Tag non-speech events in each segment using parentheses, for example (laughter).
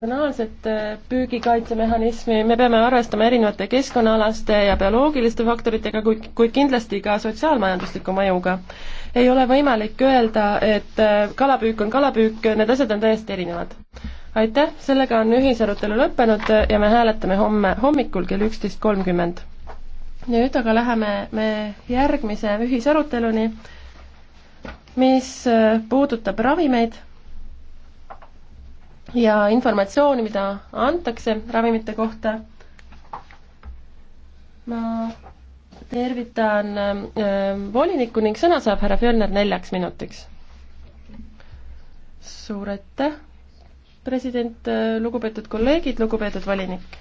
personaalset äh, püügikaitsemehhanismi, me peame arvestama erinevate keskkonnaalaste ja bioloogiliste faktoritega, kuid, kuid kindlasti ka sotsiaalmajandusliku mõjuga. ei ole võimalik öelda, et äh, kalapüük on kalapüük, need asjad on täiesti erinevad. aitäh, sellega on ühisarutelu lõppenud ja me hääletame homme hommikul kell üksteist kolmkümmend. nüüd aga läheme me järgmise ühisaruteluni, mis äh, puudutab ravimeid ja informatsiooni, mida antakse ravimite kohta. ma tervitan äh, volinikku ning sõna saab härra Fjölner neljaks minutiks. suur aitäh, president, äh, lugupeetud kolleegid, lugupeetud volinik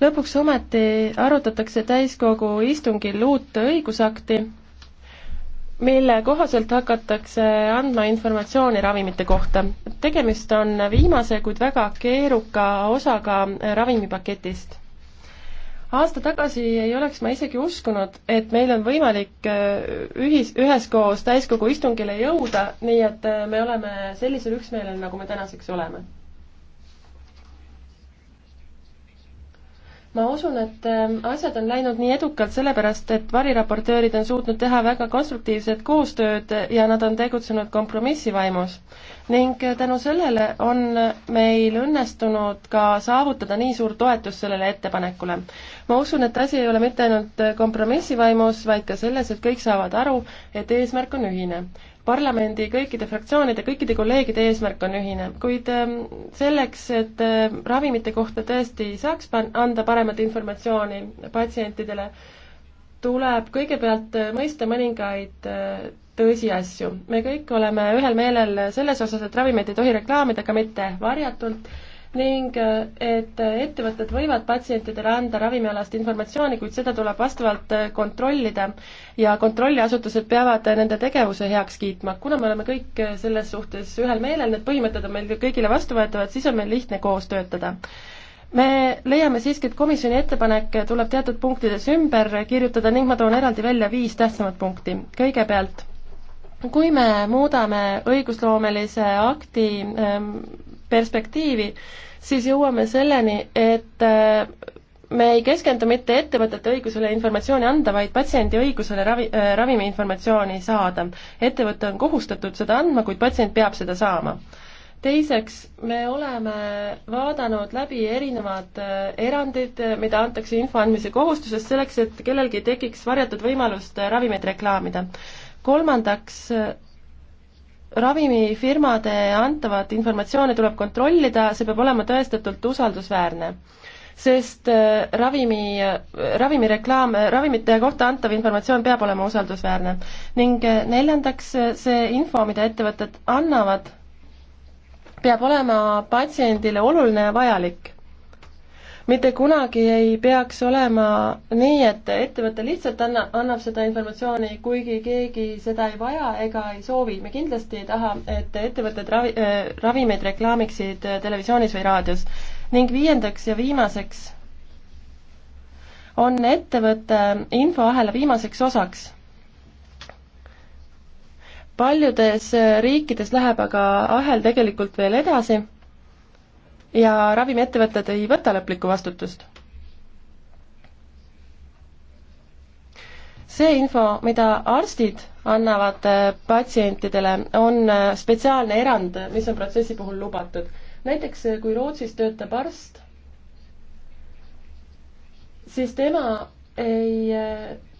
lõpuks ometi arutatakse täiskogu istungil uut õigusakti, mille kohaselt hakatakse andma informatsiooni ravimite kohta. tegemist on viimase, kuid väga keeruka osaga ravimipaketist. aasta tagasi ei oleks ma isegi uskunud, et meil on võimalik äh, ühis, üheskoos täiskogu istungile jõuda, nii et äh, me oleme sellisel üksmeelel, nagu me tänaseks oleme ma usun, et ähm, asjad on läinud nii edukalt sellepärast, et variraportöörid on suutnud teha väga konstruktiivset koostööd ja nad on tegutsenud kompromissi vaimus. ning äh, tänu sellele on meil õnnestunud ka saavutada nii suur toetus sellele ettepanekule ma usun, et asi ei ole mitte ainult äh, kompromissivaimus, vaid ka selles, et kõik saavad aru, et eesmärk on ühine. parlamendi kõikide fraktsioonide, kõikide kolleegide eesmärk on ühine, kuid ähm, selleks, et äh, ravimite kohta tõesti saaks pan-, anda paremat informatsiooni patsientidele, tuleb kõigepealt äh, mõista mõningaid tõsiasju. me kõik oleme ühel meelel selles osas, et ravimeid ei tohi reklaamida, ka mitte varjatult ning äh, et ettevõtted võivad patsientidele anda ravimialast informatsiooni, kuid seda tuleb vastavalt äh, kontrollida ja kontrolliasutused peavad äh, nende tegevuse heaks kiitma. kuna me oleme kõik selles suhtes ühel meelel, need põhimõtted on meil kõigile vastuvõetavad, siis on meil lihtne koos töötada me leiame siiski, et komisjoni ettepanek tuleb teatud punktides ümber kirjutada ning ma toon eraldi välja viis tähtsamat punkti. kõigepealt, kui me muudame õigusloomelise akti ähm, perspektiivi, siis jõuame selleni, et äh, me ei keskendu mitte ettevõtete õigusele informatsiooni anda, vaid patsiendi õigusele ravi äh,, ravimi informatsiooni saada. ettevõte on kohustatud seda andma, kuid patsient peab seda saama. teiseks, me oleme vaadanud läbi erinevad äh, erandid, mida antakse info andmise kohustusest, selleks et kellelgi tekiks varjatud võimalust äh, ravimeid reklaamida. kolmandaks äh, ravimifirmade antavat informatsiooni tuleb kontrollida, see peab olema tõestatult usaldusväärne. sest äh, ravimi, äh, ravimireklaam, äh, ravimite kohta antav informatsioon peab olema usaldusväärne. ning neljandaks, see info, mida ettevõtted annavad, peab olema patsiendile oluline ja vajalik mitte kunagi ei peaks olema nii, et ettevõte lihtsalt anna, annab seda informatsiooni, kuigi keegi seda ei vaja ega ei soovi. me kindlasti ei taha, et ettevõtted ravi äh,, ravimeid reklaamiksid televisioonis või raadios. ning viiendaks ja viimaseks on ettevõtte infoahela viimaseks osaks paljudes riikides läheb aga ahel tegelikult veel edasi ja ravimiettevõtted ei võta lõplikku vastutust. see info, mida arstid annavad äh, patsientidele, on äh, spetsiaalne erand, mis on protsessi puhul lubatud. näiteks äh, kui Rootsis töötab arst, siis tema ei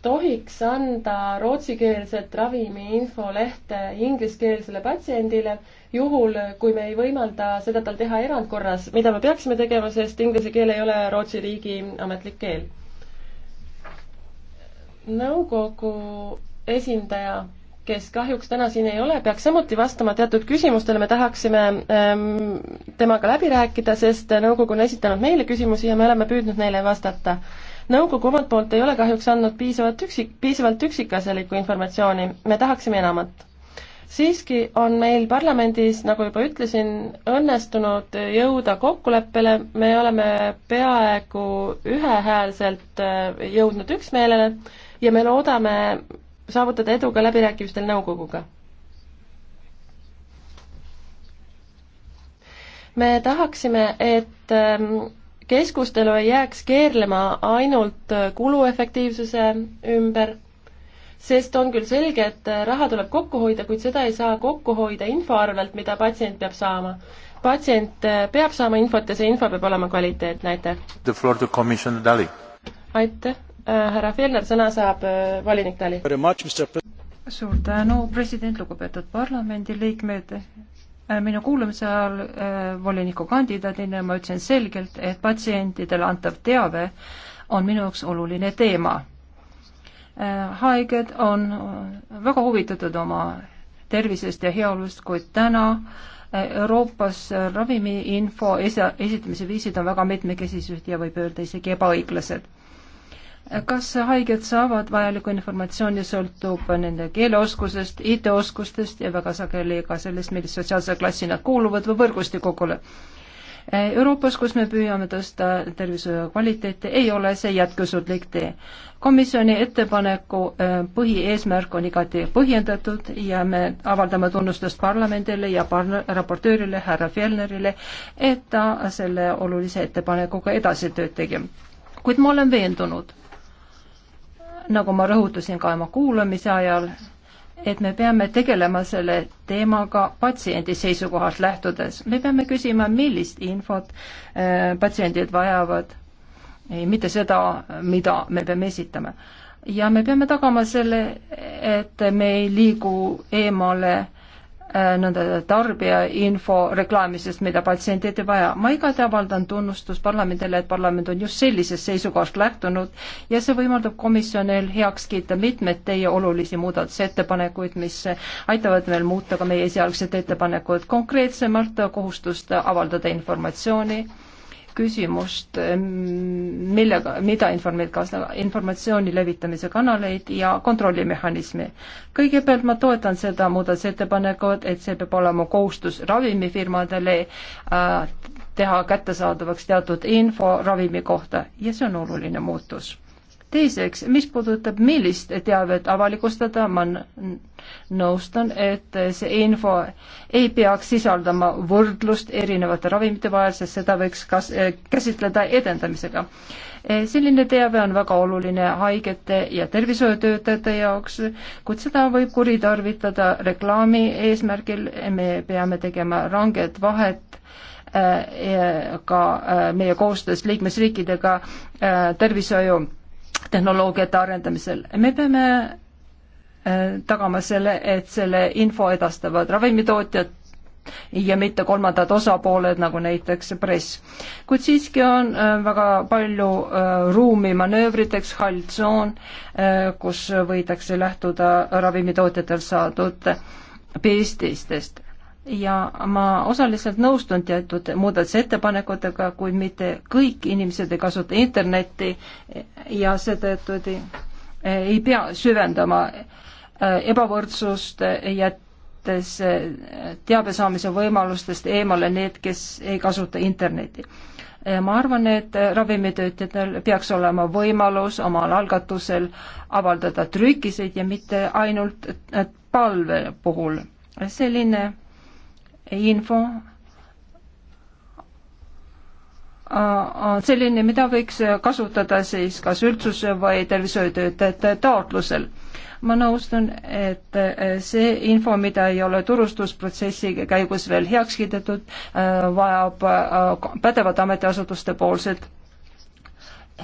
tohiks anda rootsikeelset ravimiinfolehte ingliskeelsele patsiendile, juhul kui me ei võimalda seda tal teha erandkorras, mida me peaksime tegema, sest inglise keel ei ole Rootsi riigi ametlik keel. nõukogu esindaja, kes kahjuks täna siin ei ole, peaks samuti vastama teatud küsimustele, me tahaksime ähm, temaga läbi rääkida, sest nõukogu on esitanud meile küsimusi ja me oleme püüdnud neile vastata nõukogu omalt poolt ei ole kahjuks andnud piisavalt üksik, piisavalt üksikasjalikku informatsiooni, me tahaksime enamat. siiski on meil parlamendis, nagu juba ütlesin, õnnestunud jõuda kokkuleppele, me oleme peaaegu ühehäälselt äh, jõudnud üksmeelele ja me loodame saavutada edu ka läbirääkimistel nõukoguga me tahaksime, et ähm, keskustelu ei jääks keerlema ainult kuluefektiivsuse ümber, sest on küll selge, et raha tuleb kokku hoida, kuid seda ei saa kokku hoida info arvelt, mida patsient peab saama. patsient peab saama infot ja see info peab olema kvaliteetne, aitäh! aitäh, äh, härra Fjellner, sõna saab äh, volinik Tali. suur tänu, president, lugupeetud parlamendiliikmed, Äh, minu kuulamise ajal äh, volinikukandidaadina ma ütlesin selgelt, et patsientidele antav teave on minu jaoks oluline teema. Äh, haiged on väga huvitatud oma tervisest ja heaolust, kuid täna Euroopas ravimiinfo esi-, esitamise viisid on väga mitmekesised ja võib öelda isegi ebaõiglased kas haiged saavad vajalikku informatsiooni, sõltub nende keeleoskusest, IT-oskustest ja väga sageli ka sellest, millise sotsiaalse klassi nad kuuluvad või võrgustikukule. Euroopas, kus me püüame tõsta tervishoiu kvaliteeti, ei ole see jätkusuutlik tee. komisjoni ettepaneku äh, põhieesmärk on igati põhjendatud ja me avaldame tunnustust parlamendile ja parla-, raportöörile härra Fjellnerile, et ta selle olulise ettepanekuga edasi tööd tegi. kuid ma olen veendunud, nagu ma rõhutasin ka oma kuulamise ajal, et me peame tegelema selle teemaga patsiendi seisukohalt lähtudes. me peame küsima, millist infot äh, patsiendid vajavad, mitte seda, mida me peame esitama. ja me peame tagama selle, et me ei liigu eemale Äh, nõnda tarbija info reklaamisest, mida patsientid ei vaja. ma igati avaldan tunnustust parlamendile, et parlament on just sellisest seisukohast lähtunud ja see võimaldab komisjonil heaks kiita mitmeid teie olulisi muudatusettepanekuid, mis aitavad meil muuta ka meie esialgsed ettepanekud konkreetsemalt, kohustust avaldada informatsiooni küsimust, millega, mida informeerib kaasneb informatsiooni levitamise kanaleid ja kontrollimehhanismi. kõigepealt ma toetan seda muudatusettepanekut, et see peab olema kohustus ravimifirmadele äh, teha kättesaadavaks teatud info ravimi kohta ja see on oluline muutus teiseks, mis puudutab, millist teavet avalikustada, ma nõustan, et see info ei peaks sisaldama võrdlust erinevate ravimite vahel, sest seda võiks kas-, käsitleda edendamisega. selline teave on väga oluline haigete ja tervishoiutöötajate jaoks, kuid seda võib kuritarvitada reklaami eesmärgil, me peame tegema ranged vahet äh, ka äh, meie koostöös liikmesriikidega äh, tervishoiu tehnoloogiate arendamisel. me peame äh, tagama selle, et selle info edastavad ravimitootjad ja mitte kolmandad osapooled, nagu näiteks press. kuid siiski on äh, väga palju äh, ruumi manöövriteks, hall tsoon, kus võidakse lähtuda ravimitootjatel saadud pististest ja ma osaliselt nõustun teatud muudatusettepanekutega, kuid mitte kõik inimesed ei kasuta internetti ja seetõttu ei pea süvendama äh, ebavõrdsust, jättes äh, teabe saamise võimalustest eemale need, kes ei kasuta internetti. Äh, ma arvan, et ravimitöötajatel peaks olema võimalus omal algatusel avaldada trükiseid ja mitte ainult palve puhul. selline info on äh, äh, selline, mida võiks kasutada siis kas üldsuse või tervishoiutöötajate taotlusel. ma nõustun, et äh, see info, mida ei ole turustusprotsessi käigus veel heaks kiidetud, vajab pädevate ametiasutuste poolset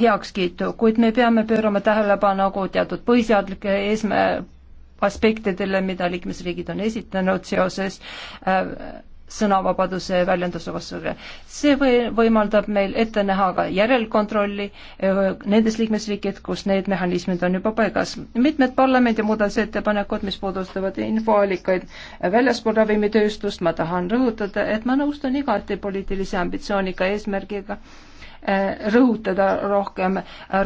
heakskiitu, kuid me peame pöörama tähelepanu nagu teatud põhiseaduslikele eesmär-, aspektidele, mida liikmesriigid on esitanud seoses äh, sõnavabaduse väljenduse vastuga. see või-, võimaldab meil ette näha ka järelkontrolli äh, nendes liikmesriikid, kus need mehhanismid on juba paigas. mitmed parlamendi muudatusettepanekud, mis puudutavad infoallikaid äh, väljaspool ravimitööstust, ma tahan rõhutada, et ma nõustun igati poliitilise ambitsioonika eesmärgiga äh, Äh, rõhutada rohkem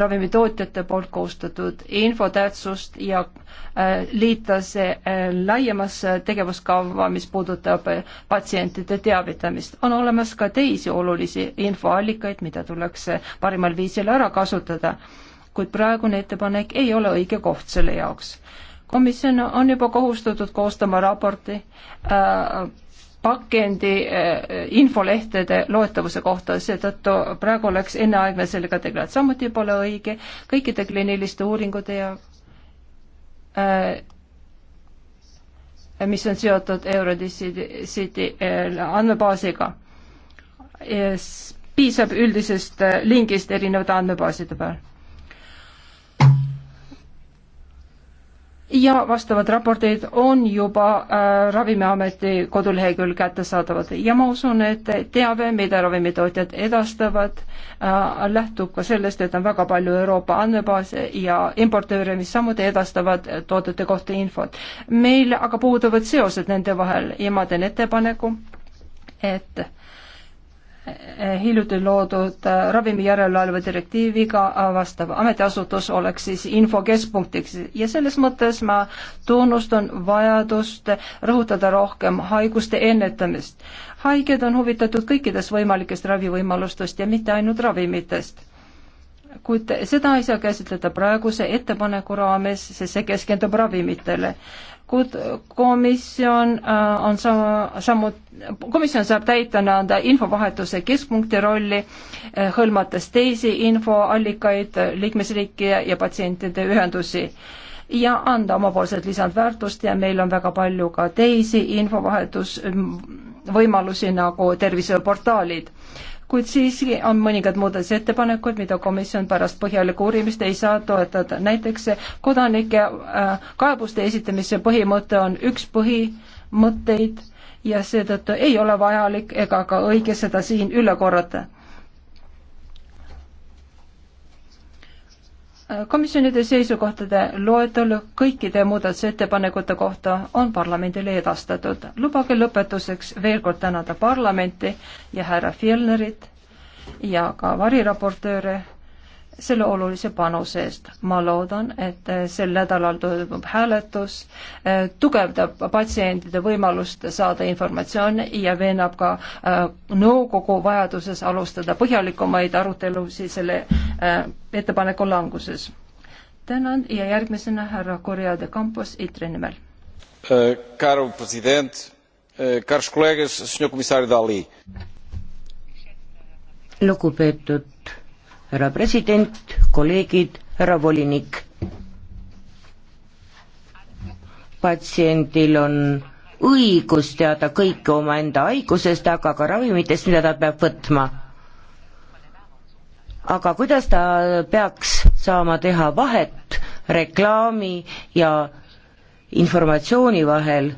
ravimitootjate poolt koostatud infotähtsust ja äh, liita see äh, laiemasse tegevuskava, mis puudutab patsientide teavitamist. on olemas ka teisi olulisi infoallikaid, mida tuleks parimal viisil ära kasutada, kuid praegune ettepanek ei ole õige koht selle jaoks. komisjon on juba kohustatud koostama raporti äh, pakendi eh, infolehtede loetavuse kohta, seetõttu praegu oleks enneaegne sellega tegeleda, samuti pole õige kõikide kliiniliste uuringute ja äh, mis on seotud Eurodissidi eh, andmebaasiga. piisab üldisest lingist erinevate andmebaaside peal ja vastavad raportid on juba äh, Ravimiameti kodulehekülg kättesaadavad ja ma usun, et teave, mida ravimitootjad edastavad äh,, lähtub ka sellest, et on väga palju Euroopa andmebaase ja importööre, mis samuti edastavad toodete kohta infot. meil aga puuduvad seosed nende vahel ja ma teen ettepaneku, et äh, hiljuti loodud äh, ravimijärelevalve direktiiviga vastav ametiasutus oleks siis infokeskpunktiks ja selles mõttes ma tunnustan vajadust rõhutada rohkem haiguste ennetamist. haiged on huvitatud kõikidest võimalikest ravivõimalustest ja mitte ainult ravimitest kuid seda ei saa käsitleda praeguse ettepaneku raames, sest see keskendub ravimitele komisjon äh, on sama, samu, komisjon saab täita nõnda infovahetuse keskpunkti rolli, äh, hõlmates teisi infoallikaid, liikmesriike ja patsientide ühendusi ja anda omapoolset lisandväärtust ja meil on väga palju ka teisi infovahetusvõimalusi nagu terviseportaalid kuid siiski on mõningad muudatusettepanekud, mida komisjon pärast põhjalikku uurimist ei saa toetada. näiteks kodanike äh, kaebuste esitamise põhimõte on üks põhimõtteid ja seetõttu ei ole vajalik ega ka õige seda siin üle korrata komisjonide seisukohtade loetelu kõikide muudatusettepanekute kohta on parlamendile edastatud. lubage lõpetuseks veel kord tänada parlamenti ja härra Fjellnerit ja ka variraportööre selle olulise panuse eest. ma loodan, et sel nädalal toimub hääletus, eh, tugevdab patsientide võimalust saada informatsiooni ja veenab ka eh, nõukogu vajaduses alustada põhjalikumaid arutelusid selle eh, ettepaneku languses. tänan ja järgmisena härra Correa de Campos ITRE nimel äh,. Caro president äh,, caros kolleegas, senor komissar Dali. lugupeetud härra president, kolleegid, härra volinik. patsiendil on õigus teada kõike omaenda haigusest, aga ka ravimitest, mida ta peab võtma. aga kuidas ta peaks saama teha vahet reklaami ja informatsiooni vahel,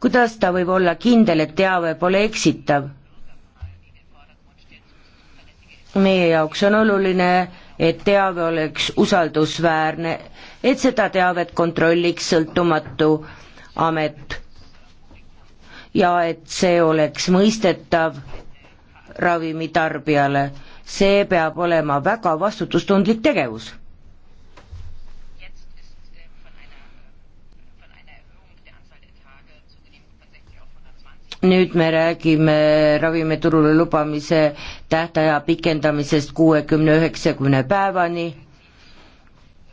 kuidas ta võib olla kindel, et teave pole eksitav? meie jaoks on oluline, et teave oleks usaldusväärne, et seda teavet kontrolliks sõltumatu amet ja et see oleks mõistetav ravimitarbijale. see peab olema väga vastutustundlik tegevus nüüd me räägime ravimiturule lubamise tähtaja pikendamisest kuuekümne üheksakümne päevani.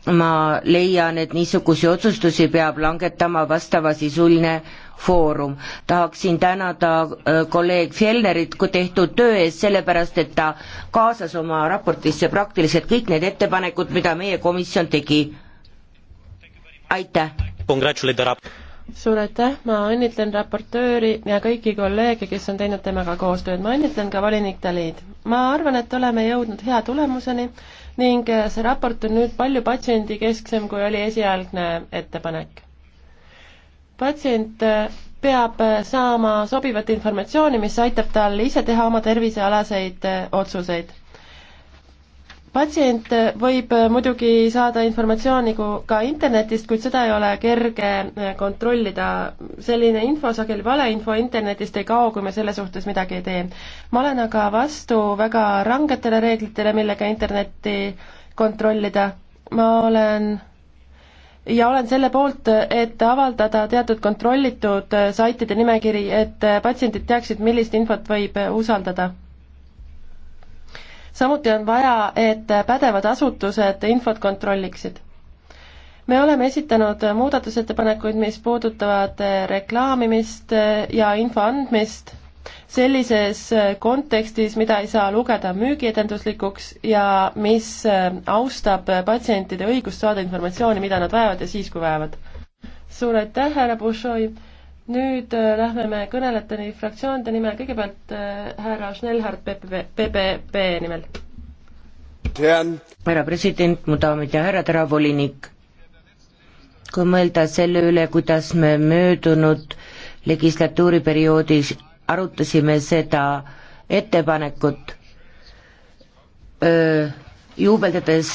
ma leian, et niisuguseid otsustusi peab langetama vastavasisuline foorum. tahaksin tänada äh, kolleeg Fjellnerit tehtud töö eest, sellepärast et ta kaasas oma raportisse praktiliselt kõik need ettepanekud, mida meie komisjon tegi. aitäh! suur aitäh, ma õnnitlen raportööri ja kõiki kolleege, kes on teinud temaga koostööd, ma õnnitlen ka volinik Dalid. ma arvan, et oleme jõudnud hea tulemuseni ning see raport on nüüd palju patsiendikesksem, kui oli esialgne ettepanek. patsient äh, peab äh, saama sobivat informatsiooni, mis aitab tal ise teha oma tervisealaseid äh, otsuseid patsient võib äh, muidugi saada informatsiooni ka internetist, kuid seda ei ole kerge äh, kontrollida. selline info, sageli valeinfo internetist ei kao, kui me selle suhtes midagi ei tee. ma olen aga vastu väga rangetele reeglitele, millega internetti kontrollida. ma olen ja olen selle poolt, et avaldada teatud kontrollitud äh, saitide nimekiri, et patsiendid teaksid, millist infot võib usaldada samuti on vaja, et pädevad asutused infot kontrolliksid. me oleme esitanud muudatusettepanekuid, mis puudutavad reklaamimist ja info andmist sellises kontekstis, mida ei saa lugeda müügietenduslikuks ja mis austab patsientide õigust saada informatsiooni, mida nad vajavad ja siis, kui vajavad. suur aitäh, härra Bushoi! nüüd äh, lähme me kõnelejateni fraktsioonide nimel, kõigepealt äh, härra Schnellhardt PPP nimel. härra president, mu daamid ja härrad, härra volinik, kui mõelda selle üle, kuidas me möödunud legislatuuriperioodis arutasime seda ettepanekut, juubeldades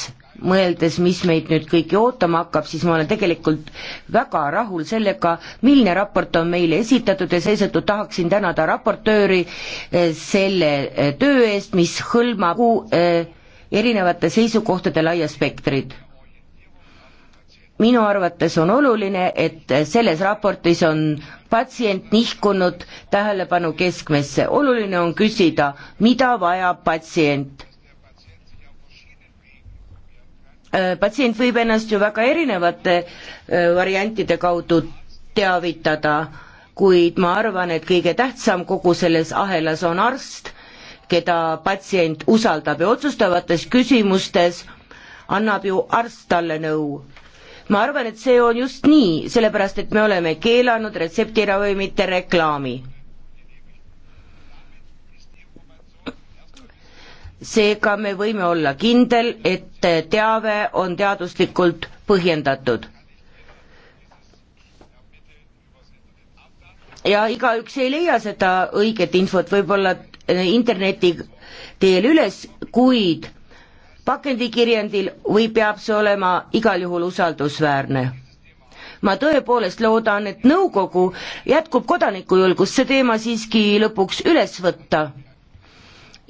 mõeldes, mis meid nüüd kõiki ootama hakkab, siis ma olen tegelikult väga rahul sellega, milline raport on meile esitatud ja seetõttu tahaksin tänada raportööri eh, selle eh, töö eest, mis hõlmab eh, erinevate seisukohtade laia spektrit minu arvates on oluline, et selles raportis on patsient nihkunud tähelepanu keskmesse, oluline on küsida, mida vajab patsient Äh, patsient võib ennast ju väga erinevate äh, variantide kaudu teavitada, kuid ma arvan, et kõige tähtsam kogu selles ahelas on arst, keda patsient usaldab ja otsustavates küsimustes annab ju arst talle nõu. ma arvan, et see on just nii, sellepärast et me oleme keelanud retseptiravimite reklaami seega me võime olla kindel, et teave on teaduslikult põhjendatud. ja igaüks ei leia seda õiget infot võib-olla eh, interneti teel üles, kuid pakendikirjandil või peab see olema igal juhul usaldusväärne ma tõepoolest loodan, et nõukogu jätkub kodanikujulgust see teema siiski lõpuks üles võtta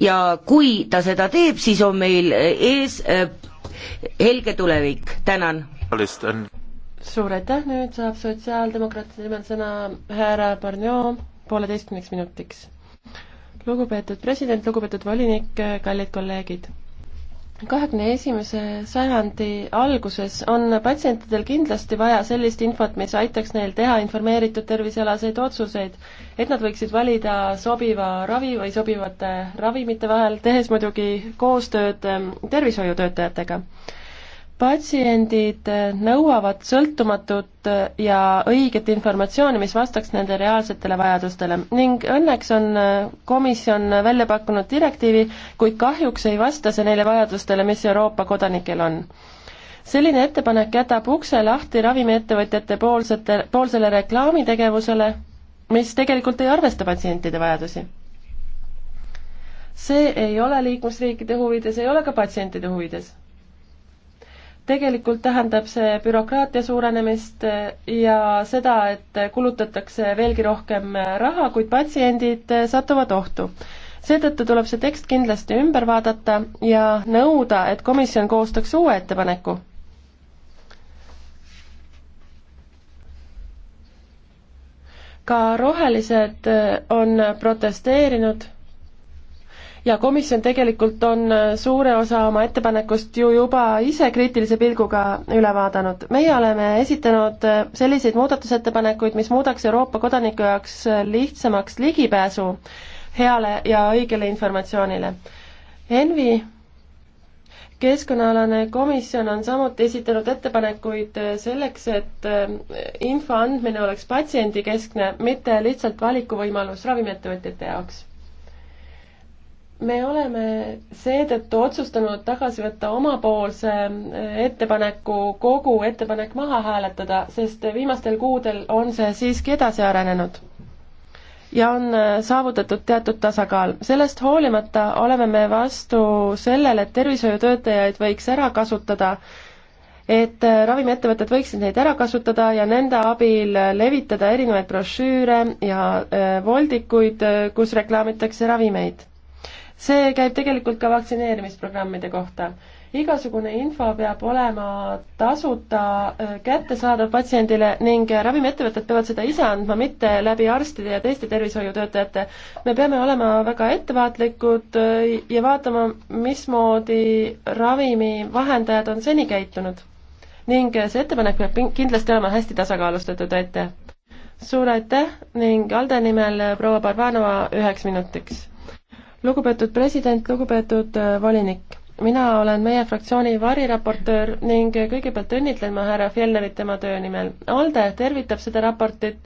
ja kui ta seda teeb, siis on meil ees äh, helge tulevik, tänan. suur aitäh, nüüd saab sotsiaaldemokraatide nimel sõna härra Barnio pooleteistkümneks minutiks. lugupeetud president, lugupeetud volinik, kallid kolleegid kahekümne esimese sajandi alguses on patsientidel kindlasti vaja sellist infot, mis aitaks neil teha informeeritud tervisealaseid otsuseid, et nad võiksid valida sobiva ravi või sobivate ravimite vahel, tehes muidugi koostööd ähm, tervishoiutöötajatega patsiendid nõuavad sõltumatut ja õiget informatsiooni, mis vastaks nende reaalsetele vajadustele ning õnneks on komisjon välja pakkunud direktiivi, kuid kahjuks ei vasta see neile vajadustele, mis Euroopa kodanikel on. selline ettepanek jätab ukse lahti ravimiettevõtjate poolsete, poolsele reklaamitegevusele, mis tegelikult ei arvesta patsientide vajadusi. see ei ole liikmesriikide huvides, ei ole ka patsientide huvides tegelikult tähendab see bürokraatia suurenemist ja seda, et kulutatakse veelgi rohkem raha, kuid patsiendid satuvad ohtu. seetõttu tuleb see tekst kindlasti ümber vaadata ja nõuda, et komisjon koostaks uue ettepaneku. ka rohelised on protesteerinud ja komisjon tegelikult on äh, suure osa oma ettepanekust ju juba ise kriitilise pilguga üle vaadanud. meie oleme esitanud äh, selliseid muudatusettepanekuid, mis muudaks Euroopa kodaniku jaoks äh, lihtsamaks ligipääsu heale ja õigele informatsioonile. Envi keskkonnaalane komisjon on samuti esitanud ettepanekuid selleks, et info andmine oleks patsiendikeskne, mitte lihtsalt valikuvõimalus ravimiettevõtjate jaoks me oleme seetõttu otsustanud tagasi võtta omapoolse eh, ettepaneku kogu ettepanek maha hääletada, sest viimastel kuudel on see siiski edasi arenenud ja on eh, saavutatud teatud tasakaal. sellest hoolimata oleme me vastu sellele, et tervishoiutöötajaid võiks ära kasutada, et eh, ravimiettevõtted võiksid neid ära kasutada ja nende abil levitada erinevaid brošüüre ja voldikuid, kus reklaamitakse ravimeid see käib tegelikult ka vaktsineerimisprogrammide kohta. igasugune info peab olema tasuta äh, kättesaadav patsiendile ning ravimiettevõtted peavad seda ise andma, mitte läbi arstide ja teiste tervishoiutöötajate. me peame olema väga ettevaatlikud äh, ja vaatama, mismoodi ravimi vahendajad on seni käitunud. ning see ettepanek peab kindlasti olema hästi tasakaalustatud, aitäh! suur aitäh ning Alde nimel proua Barbanova üheks minutiks lugupeetud president, lugupeetud äh, volinik, mina olen meie fraktsiooni variraportöör ning kõigepealt õnnitlen ma härra Fjellnerit tema töö nimel. ALDE tervitab seda raportit,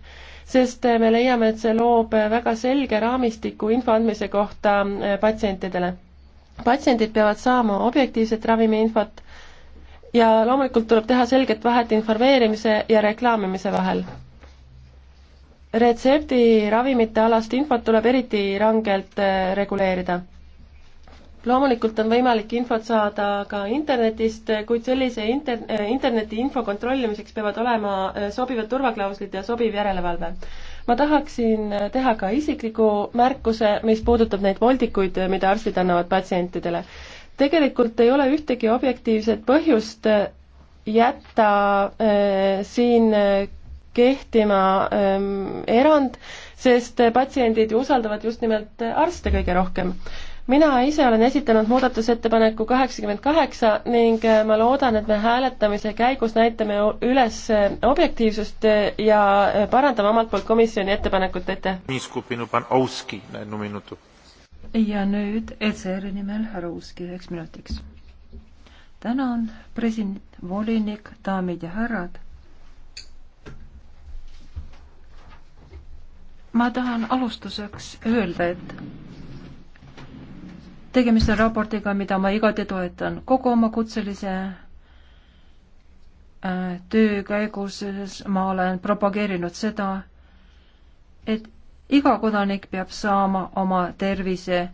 sest äh, me leiame, et see loob äh, väga selge raamistiku info andmise kohta patsientidele. patsiendid peavad saama objektiivset ravimiinfot ja loomulikult tuleb teha selget vahet informeerimise ja reklaamimise vahel retseptiravimite alast infot tuleb eriti rangelt äh, reguleerida. loomulikult on võimalik infot saada ka internetist, äh, kuid sellise inter-, äh, interneti info kontrollimiseks peavad olema sobivad turvaklauslid ja sobiv järelevalve. ma tahaksin teha ka isikliku märkuse, mis puudutab neid voldikuid, mida arstid annavad patsientidele. tegelikult ei ole ühtegi objektiivset põhjust jätta äh, siin äh, kehtima ähm, erand, sest äh, patsiendid ju usaldavad just nimelt äh, arste kõige rohkem. mina ise olen esitanud muudatusettepaneku kaheksakümmend kaheksa ning äh, ma loodan, et me hääletamise käigus näitame üles objektiivsust ja parandame omalt poolt komisjoni ettepanekut, aitäh! ja nüüd ECR-i nimel härra Uuski üheks minutiks. tänan, president, volinik, daamid ja härrad ma tahan alustuseks öelda, et tegemist on raportiga, mida ma igati toetan kogu oma kutselise äh, töö käigus ma olen propageerinud seda, et iga kodanik peab saama oma tervise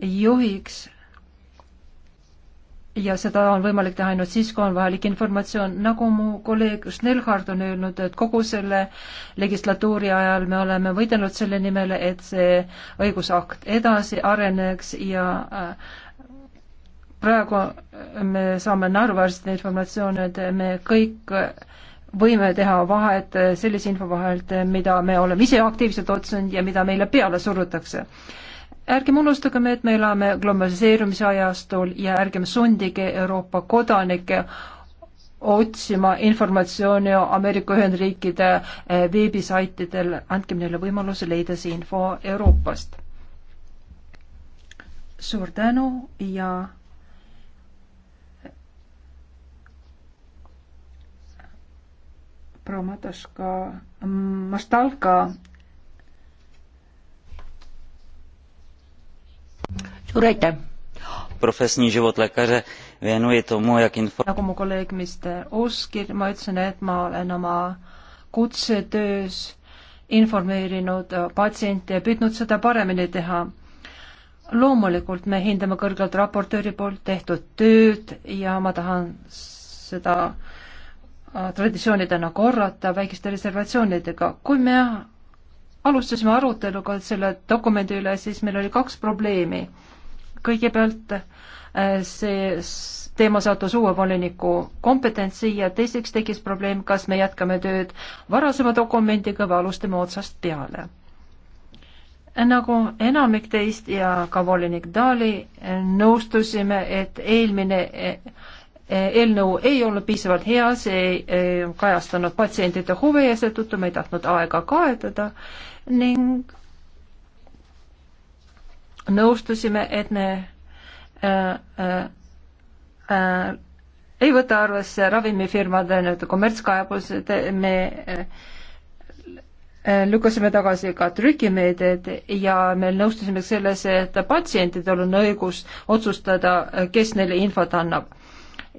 juhiks ja seda on võimalik teha ainult siis, kui on vajalik informatsioon. nagu mu kolleeg Schnellhardt on öelnud, et kogu selle legislatuuri ajal me oleme võidelnud selle nimel, et see õigusakt edasi areneks ja äh, praegu me saame Narvast informatsiooni, et me kõik võime teha vahet sellise info vahelt, mida me oleme ise aktiivselt otsinud ja mida meile peale surutakse ärgem unustagem, et me elame globaliseerumise ajastul ja ärgem sundige Euroopa kodanikke otsima informatsiooni Ameerika Ühendriikide eh, veebisaitidel, andkem neile võimaluse leida see info Euroopast. suur tänu ja eh, promotas ka Mastalka mm, suur aitäh! profesní život lékaře věnuji tomu, jak info-. nagu mu kolleeg Mr Oskir, ma ütlesin, et ma olen oma kutsetöös informeerinud äh, patsiente ja püüdnud seda paremini teha. loomulikult me hindame kõrgelt raportööri poolt tehtud tööd ja ma tahan seda äh, traditsioonidena korrata väikeste reservatsioonidega. kui me alustasime aruteluga selle dokumendi üle, siis meil oli kaks probleemi kõigepealt äh, see teema sattus uue voliniku kompetentsi ja teiseks tekkis probleem, kas me jätkame tööd varasema dokumendiga või alustame otsast peale. nagu enamik teist ja ka volinik Dali äh, nõustusime, et eelmine äh, eelnõu ei olnud piisavalt hea, see ei kajastanud patsientide huve ja seetõttu me ei tahtnud aega kaetada ning nõustusime, et me äh, äh, äh, ei võta arvesse ravimifirmade nii-öelda kommertskaebused, me äh, äh lükkasime tagasi ka trükimeediad ja me nõustusime selles, et patsientidel on õigus otsustada, kes neile infot annab.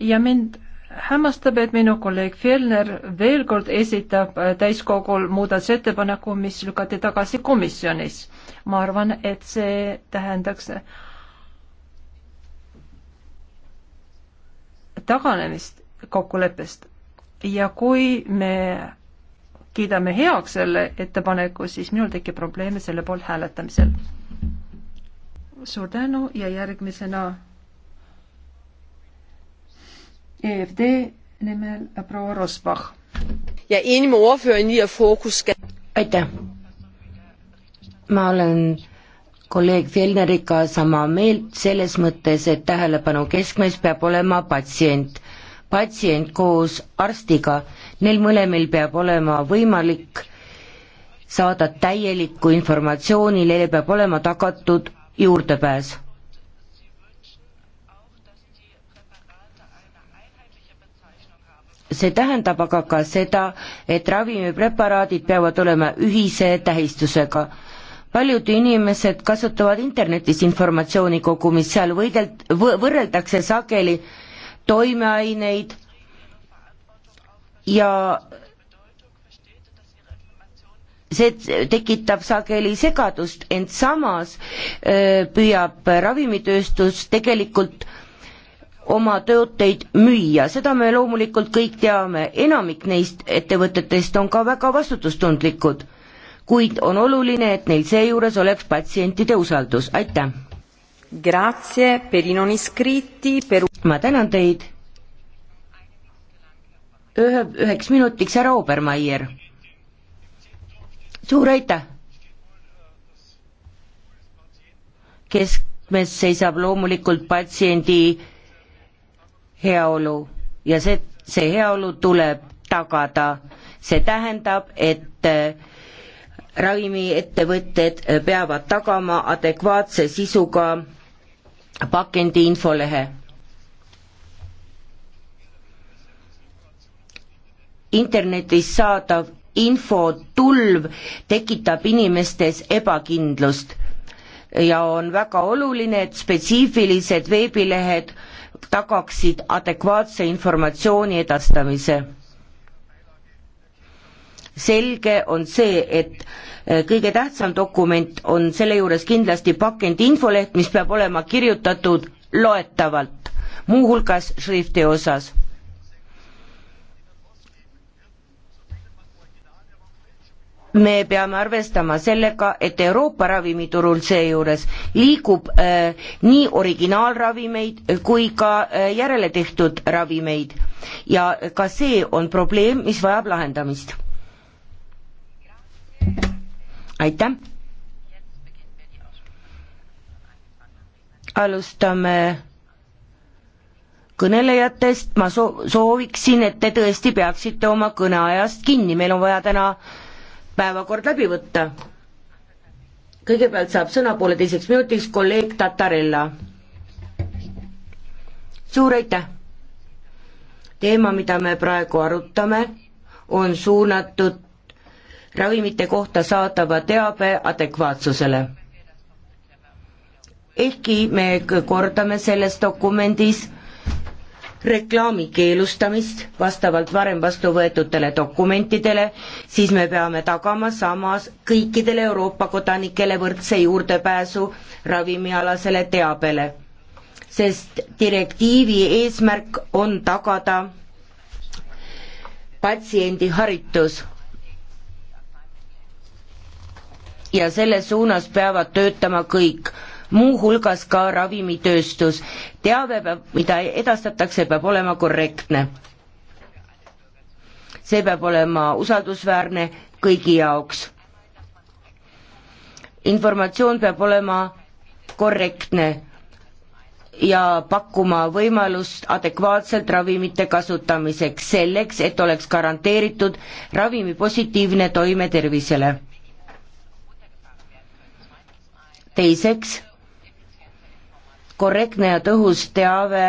ja mind hämmastab, et minu kolleeg Fjellner veel kord esitab äh, täiskogul muudatusettepaneku, mis lükati tagasi komisjonis. ma arvan, et see tähendaks taganemist kokkuleppest ja kui me kiidame heaks selle ettepaneku, siis minul tekib probleeme selle poolt hääletamisel. suur tänu ja järgmisena EFD nimel proua Rosbach. ja inimene ohvri ja fookus. aitäh. ma olen kolleeg Fjellneriga sama meelt selles mõttes, et tähelepanu keskmes peab olema patsient. patsient koos arstiga, neil mõlemil peab olema võimalik saada täielikku informatsiooni, neile peab olema tagatud juurdepääs see tähendab aga ka seda, et ravimipreparaadid peavad olema ühise tähistusega. paljud inimesed kasutavad internetis informatsiooni kogumist, seal võidelt-, võrreldakse sageli toimeaineid ja see tekitab sageli segadust, ent samas öö, püüab ravimitööstus tegelikult öö, oma tooteid müüa, seda me loomulikult kõik teame, enamik neist ettevõtetest on ka väga vastutustundlikud, kuid on oluline, et neil seejuures oleks patsientide usaldus, aitäh! Per... ma tänan teid ühe, üheks minutiks härra Obermeier. suur aitäh! keskmes seisab loomulikult patsiendi heaolu ja see, see heaolu tuleb tagada. see tähendab, et äh, ravimiettevõtted äh, peavad tagama adekvaatse sisuga pakendi infolehe. internetis saadav infotulv tekitab inimestes ebakindlust ja on väga oluline, et spetsiifilised veebilehed tagaksid adekvaatse informatsiooni edastamise. selge on see, et eh, kõige tähtsam dokument on selle juures kindlasti pakend infoleht, mis peab olema kirjutatud loetavalt, muuhulgas šrifti osas me peame arvestama sellega, et Euroopa ravimiturul seejuures liigub äh, nii originaalravimeid kui ka äh, järeletehtud ravimeid ja ka see on probleem, mis vajab lahendamist. aitäh. alustame kõnelejatest, ma soo-, sooviksin, et te tõesti peaksite oma kõneajast kinni, meil on vaja täna äh, päevakord läbi võtta. kõigepealt saab sõna pooleteiseks minutiks kolleeg Tatarella. suur aitäh! teema, mida me praegu arutame, on suunatud ravimite kohta saadava teabe adekvaatsusele. ehkki me kordame selles dokumendis reklaami keelustamist vastavalt varem vastu võetutele dokumentidele, siis me peame tagama samas kõikidele Euroopa kodanikele võrdse juurdepääsu ravimialasele teabele. sest direktiivi eesmärk on tagada patsiendi haritus. ja selles suunas peavad töötama kõik muuhulgas ka ravimitööstus. teave peab, mida edastatakse, peab olema korrektne. see peab olema usaldusväärne kõigi jaoks. informatsioon peab olema korrektne ja pakkuma võimalust adekvaatselt ravimite kasutamiseks, selleks et oleks garanteeritud ravimi positiivne toime tervisele. teiseks korrektne ja tõhus teave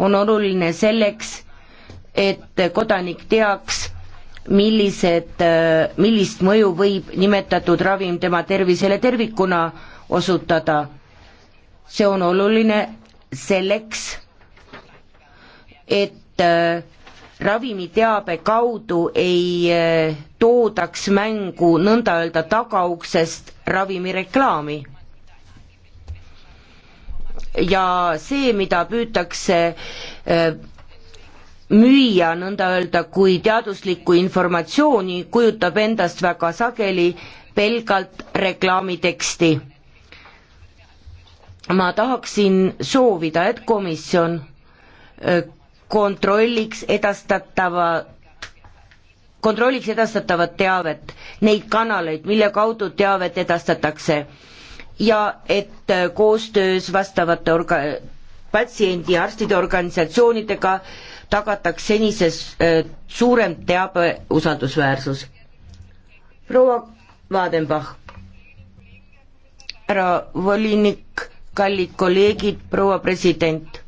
on oluline selleks, et kodanik teaks, millised, millist mõju võib nimetatud ravim tema tervisele tervikuna osutada. see on oluline selleks, et äh, ravimiteabe kaudu ei äh, toodaks mängu nõnda öelda tagauksest ravimireklaami ja see, mida püütakse äh, müüa nõnda öelda kui teaduslikku informatsiooni, kujutab endast väga sageli pelgalt reklaamiteksti. ma tahaksin soovida, et komisjon äh, kontrolliks edastatava kontrolliks edastatavat teavet, neid kanaleid, mille kaudu teavet edastatakse ja et äh, koostöös vastavate orga-, patsiendi ja arstide organisatsioonidega tagataks senises äh, suurem teabe usaldusväärsus. proua Vaadenbach, härra volinik, kallid kolleegid, proua president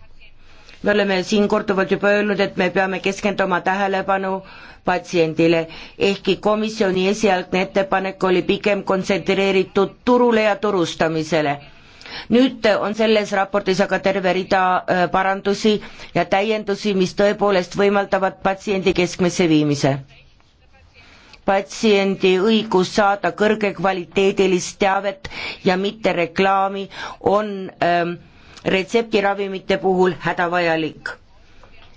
me oleme siin korduvalt juba öelnud, et me peame keskenduma tähelepanu patsiendile, ehkki komisjoni esialgne ettepanek oli pigem kontsentreeritud turule ja turustamisele nüüd on selles raportis aga terve rida äh, parandusi ja täiendusi, mis tõepoolest võimaldavad patsiendi keskmesse viimise. patsiendi õigus saada kõrgekvaliteedilist teavet ja mitte reklaami on ähm, retseptiravimite puhul hädavajalik.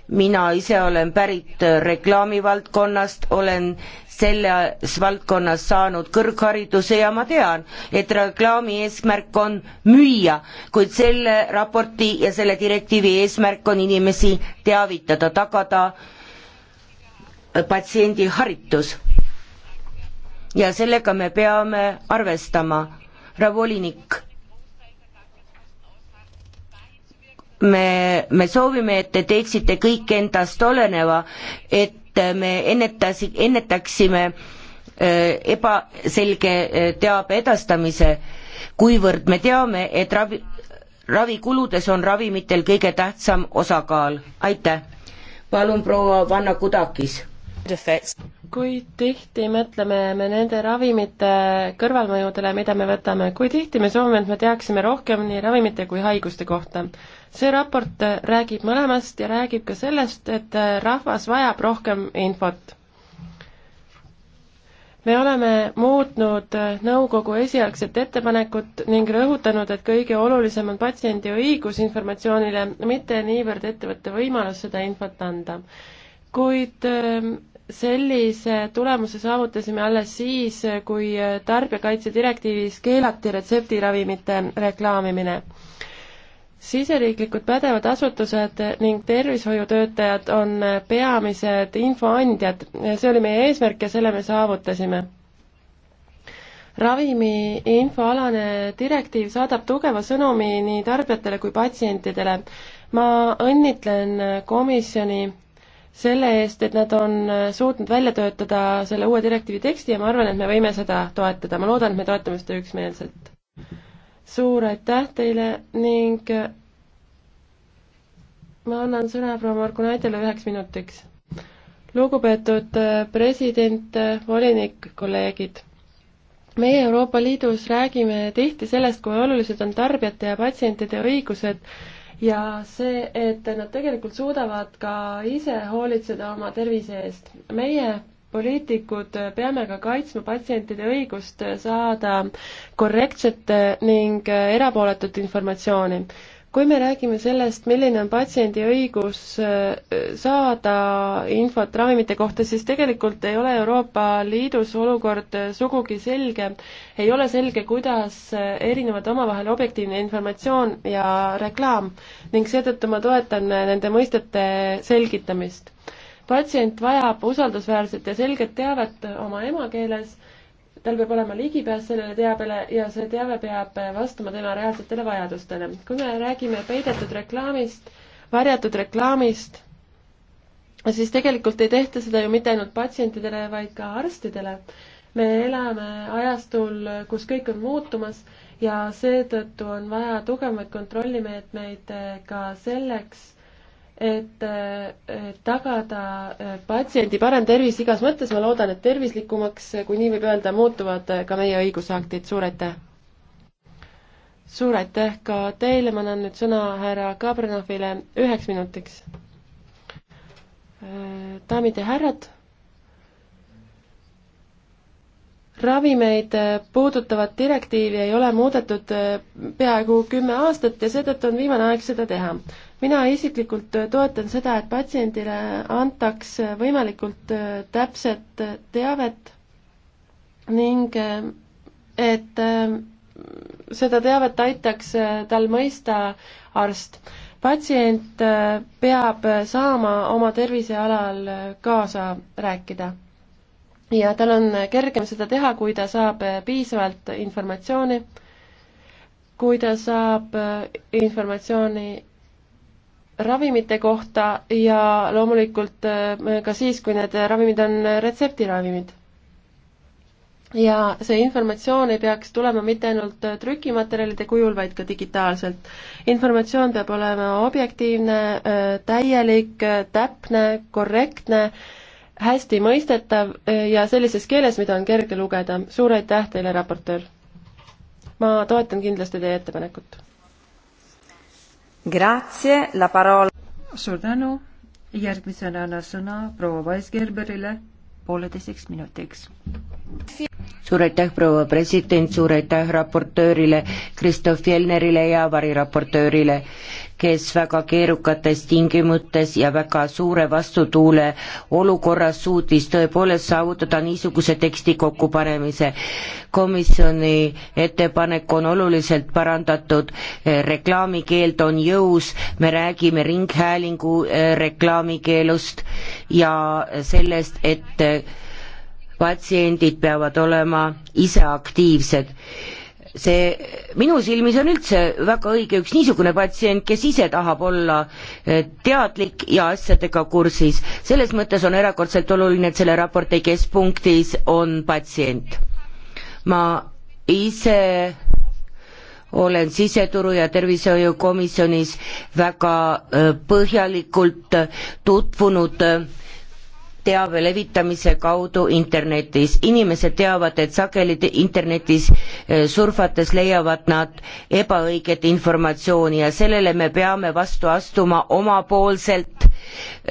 mina ise olen pärit reklaamivaldkonnast, olen selles valdkonnas saanud kõrghariduse ja ma tean, et reklaami eesmärk on müüa, kuid selle raporti ja selle direktiivi eesmärk on inimesi teavitada, tagada patsiendi haritus. ja sellega me peame arvestama. härra volinik me, me soovime, et te teeksite kõik endast oleneva, et me ennetasi, ennetaksime äh, ebaselge äh, teabe edastamise, kuivõrd me teame, et ravi, ravikuludes on ravimitel kõige tähtsam osakaal. aitäh. palun, proua Vanna Kudakis. kui tihti mõtleme me nende ravimite kõrvalmõjudele, mida me võtame, kui tihti me soovime, et me teaksime rohkem nii ravimite kui haiguste kohta? see raport äh, räägib mõlemast ja räägib ka sellest, et äh, rahvas vajab rohkem infot. me oleme muutnud äh, nõukogu esialgset ettepanekut ning rõhutanud, et kõige olulisem on patsiendi õigus informatsioonile, mitte niivõrd ettevõtte võimalus seda infot anda. kuid ähm, sellise tulemuse saavutasime alles siis, kui tarbijakaitse direktiivis keelati retseptiravimite reklaamimine siseriiklikud pädevad asutused ning tervishoiutöötajad on peamised infoandjad, see oli meie eesmärk ja selle me saavutasime. ravimi infoalane direktiiv saadab tugeva sõnumi nii tarbijatele kui patsientidele. ma õnnitlen komisjoni selle eest, et nad on suutnud välja töötada selle uue direktiivi teksti ja ma arvan, et me võime seda toetada, ma loodan, et me toetame seda üksmeelselt suur aitäh teile ning ma annan sõna proua Marko Naidele üheks minutiks. lugupeetud äh, president, äh, volinik, kolleegid meie Euroopa Liidus räägime tihti sellest, kui olulised on tarbijate ja patsientide õigused ja see, et nad tegelikult suudavad ka ise hoolitseda oma tervise eest. meie poliitikud äh, peame ka kaitsma patsientide õigust äh, saada korrektset äh, ning erapooletut informatsiooni. kui me räägime sellest, milline on patsiendi õigus saada infot ravimite kohta, siis tegelikult ei ole Euroopa Liidus olukord sugugi selge. ei ole selge, kuidas erinevad omavahel objektiivne informatsioon ja reklaam ning seetõttu ma toetan nende mõistete selgitamist patsient vajab usaldusväärset ja selget teavet oma emakeeles, tal peab olema ligipääs sellele teabele ja see teave peab vastama tema reaalsetele vajadustele. kui me räägime peidetud reklaamist, varjatud reklaamist, siis tegelikult ei tehta seda ju mitte ainult patsientidele, vaid ka arstidele. me elame ajastul, kus kõik on muutumas ja seetõttu on vaja tugevaid kontrollimeetmeid ka selleks, et äh, tagada äh, patsiendi parem tervis igas mõttes, ma loodan, et tervislikumaks, äh, kui nii võib öelda, muutuvad ka meie õigusaktid, suur aitäh! suur aitäh ka teile, ma annan nüüd sõna härra Kabranovile üheks minutiks. daamid ja härrad ravimeid äh, puudutavat direktiivi ei ole muudetud äh, peaaegu kümme aastat ja seetõttu on viimane aeg seda teha. mina isiklikult äh, toetan seda, et patsiendile antaks võimalikult täpset teavet ning et seda teavet aitaks tal mõista arst. patsient peab saama oma tervisealal kaasa rääkida ja tal on kergem seda teha, kui ta saab piisavalt informatsiooni, kui ta saab informatsiooni ravimite kohta ja loomulikult äh, ka siis, kui need ravimid on retseptiravimid. ja see informatsioon ei peaks tulema mitte ainult trükimaterjalide kujul, vaid ka digitaalselt. informatsioon peab olema objektiivne, äh, täielik, äh, täpne, korrektne hästi mõistetav eh, ja sellises keeles, mida on kerge lugeda. suur aitäh teile, raportöör! ma toetan kindlasti teie ettepanekut. Grazie, la parola. suur tänu, järgmisena annan sõna proua Weisgerberile pooleteiseks minutiks. suur aitäh, proua president, suur aitäh raportöörile Kristof Jelnerile ja variraportöörile kes väga keerukates tingimustes ja väga suure vastutuule olukorras suutis tõepoolest saavutada niisuguse teksti kokkupanemise. komisjoni ettepanek on oluliselt parandatud, reklaamikeeld on jõus, me räägime ringhäälingu eh, reklaamikeelust ja sellest, et eh, patsiendid peavad olema ise aktiivsed see minu silmis on üldse väga õige üks niisugune patsient, kes ise tahab olla eh, teadlik ja asjadega kursis. selles mõttes on erakordselt oluline, et selle raporti keskpunktis on patsient. ma ise olen siseturu ja tervishoiukomisjonis väga eh, põhjalikult tutvunud eh, teave levitamise kaudu internetis. inimesed teavad, et sageli internetis eh, surfates leiavad nad ebaõiget informatsiooni ja sellele me peame vastu astuma omapoolselt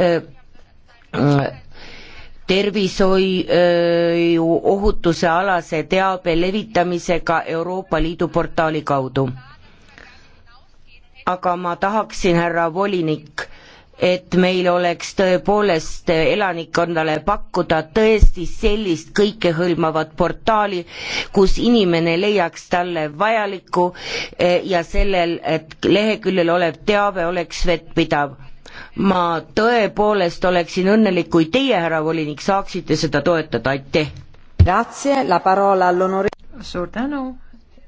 eh, tervishoiu eh, ohutuse alase teabe levitamisega Euroopa Liidu portaali kaudu. aga ma tahaksin, härra volinik, et meil oleks tõepoolest elanikkonnale pakkuda tõesti sellist kõikehõlmavat portaali, kus inimene leiaks talle vajalikku eh, ja sellel leheküljel olev teave oleks vettpidav. ma tõepoolest oleksin õnnelik, kui teie, härra volinik, saaksite seda toetada, aitäh! suur tänu,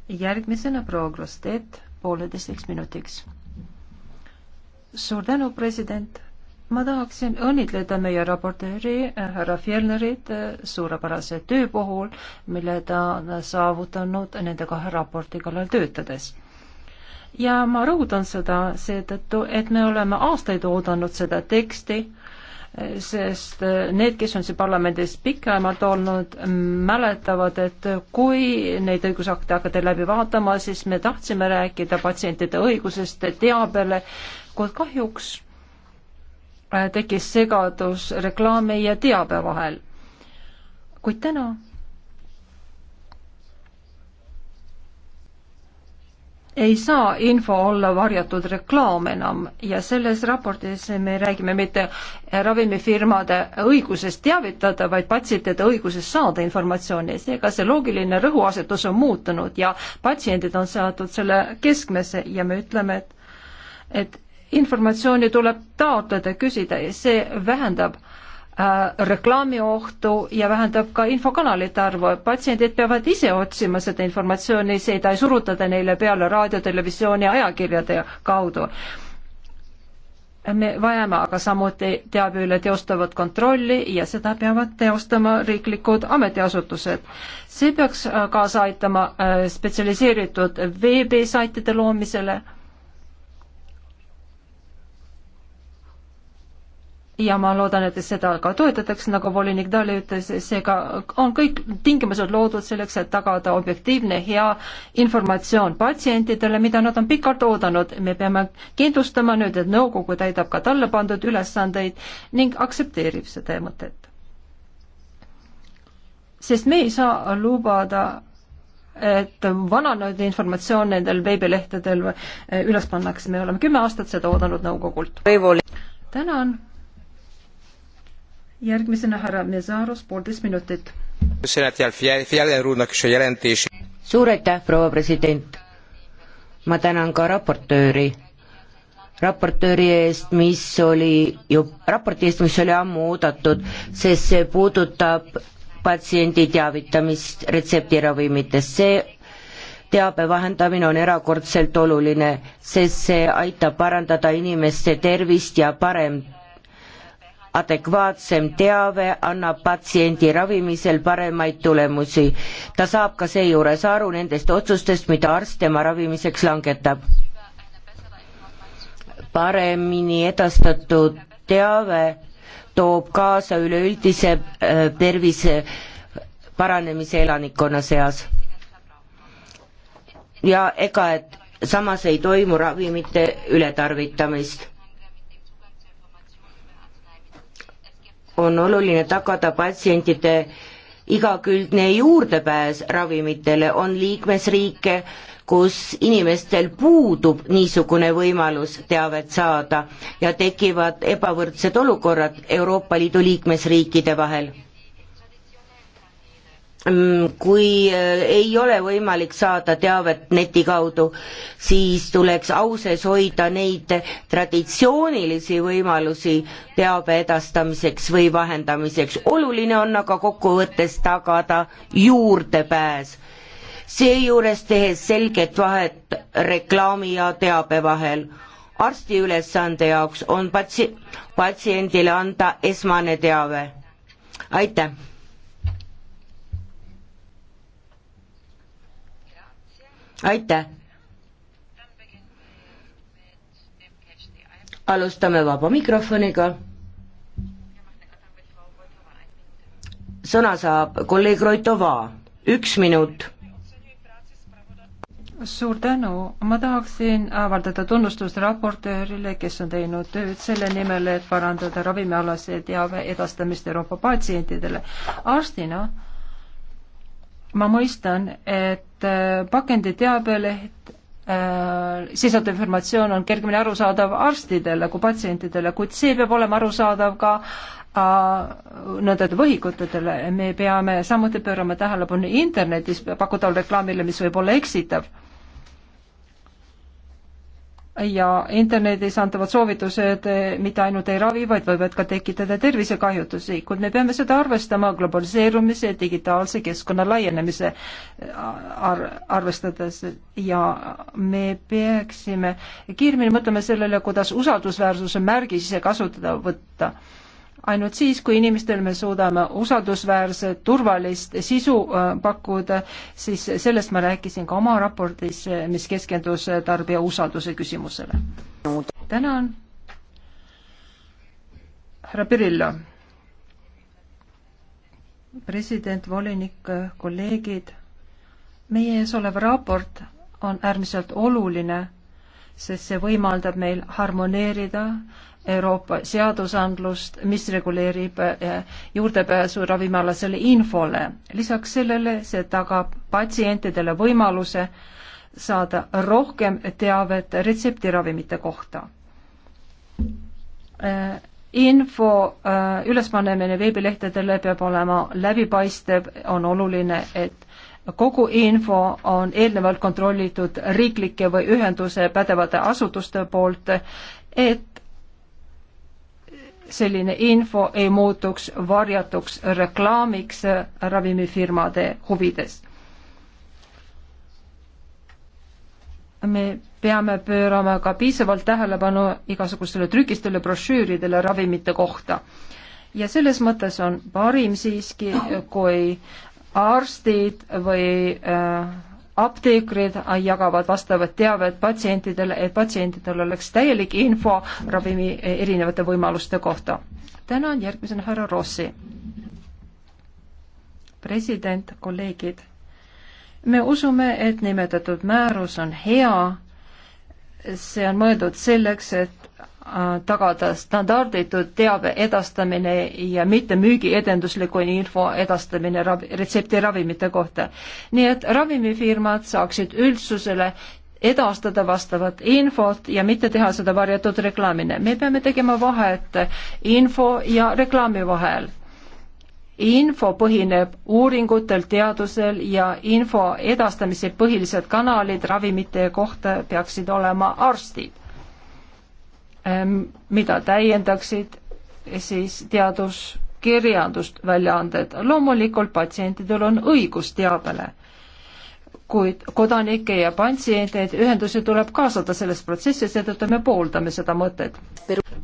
järgmisena proua Krossett pooleteiseks minutiks suur tänu, president. ma tahaksin õnnitleda meie raportööri äh, härra Fjellnerit äh, suurepärase töö puhul, mille ta on saavutanud nende kahe raporti kallal töötades ja ma rõhutan seda seetõttu, et me oleme aastaid oodanud seda teksti sest äh, need, kes on siin parlamendis pikemalt olnud, mäletavad, et kui neid õigusakte hakati läbi vaatama, siis me tahtsime rääkida patsientide õigusest teabele, kuid kahjuks äh, tekkis segadus reklaami ja teabe vahel. kuid täna ei saa info olla varjatud reklaam enam ja selles raportis me räägime mitte ravimifirmade õigusest teavitada, vaid patsientide õigusest saada informatsiooni. seega see loogiline rõhuasetus on muutunud ja patsiendid on seatud selle keskmesse ja me ütleme, et, et informatsiooni tuleb taotleda, küsida ja see vähendab äh, Äh, reklaamiohtu ja vähendab ka infokanalite arvu. patsiendid peavad ise otsima seda informatsiooni, seda ei surutada neile peale raadio, televisiooni, ajakirjade kaudu. me vajame aga samuti teabe üle teostavat kontrolli ja seda peavad teostama riiklikud ametiasutused. see peaks äh, kaasa aitama äh, spetsialiseeritud veebisaitide loomisele ja ma loodan, et seda ka toetatakse, nagu volinik Dali ütles, seega on kõik tingimused loodud selleks, et tagada objektiivne hea informatsioon patsientidele, mida nad on pikalt oodanud. me peame kindlustama nüüd, et nõukogu täidab ka talle pandud ülesandeid ning aktsepteerib seda mõtet. sest me ei saa lubada et vananenud informatsioon nendel veebilehtedel üles pannakse, me oleme kümme aastat seda oodanud nõukogult. tänan järgmisena härra Mezaros, poolteist minutit. suur aitäh, proua president. ma tänan ka raportööri, raportööri eest, mis oli ju, raporti eest, mis oli ammu oodatud, sest see puudutab patsiendi teavitamist retseptiravimitest, see teabe vahendamine on erakordselt oluline, sest see aitab parandada inimeste tervist ja parem adekvaatsem teave annab patsiendi ravimisel paremaid tulemusi. ta saab ka seejuures aru nendest otsustest, mida arst tema ravimiseks langetab. paremini edastatud teave toob kaasa üleüldise äh, tervise paranemise elanikkonna seas. ja ega, et samas ei toimu ravimite ületarvitamist on oluline tagada patsientide igakülgne juurdepääs ravimitele, on liikmesriike, kus inimestel puudub niisugune võimalus teavet saada ja tekivad ebavõrdsed olukorrad Euroopa Liidu liikmesriikide vahel Mm, kui äh, ei ole võimalik saada teavet neti kaudu, siis tuleks auses hoida neid traditsioonilisi võimalusi teabe edastamiseks või vahendamiseks. oluline on aga kokkuvõttes tagada juurdepääs, seejuures tehes selget vahet reklaami ja teabe vahel arsti ülesande jaoks on patsi-, patsiendile anda esmane teave. aitäh! aitäh! alustame vaba mikrofoniga. sõna saab kolleeg Roitova, üks minut. suur tänu, ma tahaksin avaldada tunnustust raportöörile, kes on teinud tööd selle nimel, et parandada ravimialase teave edastamist Euroopa patsientidele. arstina no? ma mõistan, et äh, pakenditeabeleht äh, sisaldav informatsioon on kergemini arusaadav arstidele kui patsientidele, kuid see peab olema arusaadav ka äh, nõnda-öelda võhikutele, me peame samuti pöörama tähelepanu internetis pakutaval reklaamile, mis võib olla eksitav ja internetis antavad soovitused eh, mitte ainult ei ravi, vaid võivad ka tekitada tervisekahjutusi, kuid me peame seda arvestama globaliseerumise ja digitaalse keskkonna laienemise eh, ar arvestades ja me peaksime kiiremini mõtlema sellele, kuidas usaldusväärsuse märgise kasutada võtta ainult siis, kui inimestele me suudame usaldusväärset, turvalist sisu äh, pakkuda, siis sellest ma rääkisin ka oma raportis, mis keskendus tarbija usalduse küsimusele. tänan. härra Pirillo. president, volinik, kolleegid, meie ees olev raport on äärmiselt oluline, sest see võimaldab meil harmoneerida äh, Euroopa seadusandlust, mis reguleerib eh, juurdepääsu ravimialasele infole. lisaks sellele see tagab patsientidele võimaluse saada rohkem teavet retseptiravimite kohta. Eh, info eh, ülespanemine veebilehtedele peab olema läbipaistev, on oluline, et kogu info on eelnevalt kontrollitud riiklike või ühenduse pädevate asutuste poolt, et selline info ei muutuks varjatuks reklaamiks ravimifirmade huvides. me peame pöörama ka piisavalt tähelepanu igasugustele trükistele, brošüüridele ravimite kohta. ja selles mõttes on parim siiski, kui arstid või äh, apteekrid äh, jagavad vastavat teavet patsientidele, et patsientidel oleks täielik info ravimi äh, erinevate võimaluste kohta. tänan, järgmisena härra Rossi. president, kolleegid, me usume, et nimetatud määrus on hea, see on mõeldud selleks, et Äh, tagada standarditud teabe edastamine ja mitte müügi edendusliku info edastamine ravi, retseptiravimite kohta. nii et ravimifirmad saaksid üldsusele edastada vastavat infot ja mitte teha seda varjatud reklaamina. me peame tegema vahet info ja reklaami vahel. info põhineb uuringutel, teadusel ja info edastamise põhilised kanalid ravimite kohta peaksid olema arstid Ähm, mida täiendaksid siis teaduskirjandust väljaanded. loomulikult patsientidel on õigus teabele, kuid kodanikke ja patsienteid ühendusi tuleb kaasata selles protsessis, seetõttu me pooldame seda mõtet.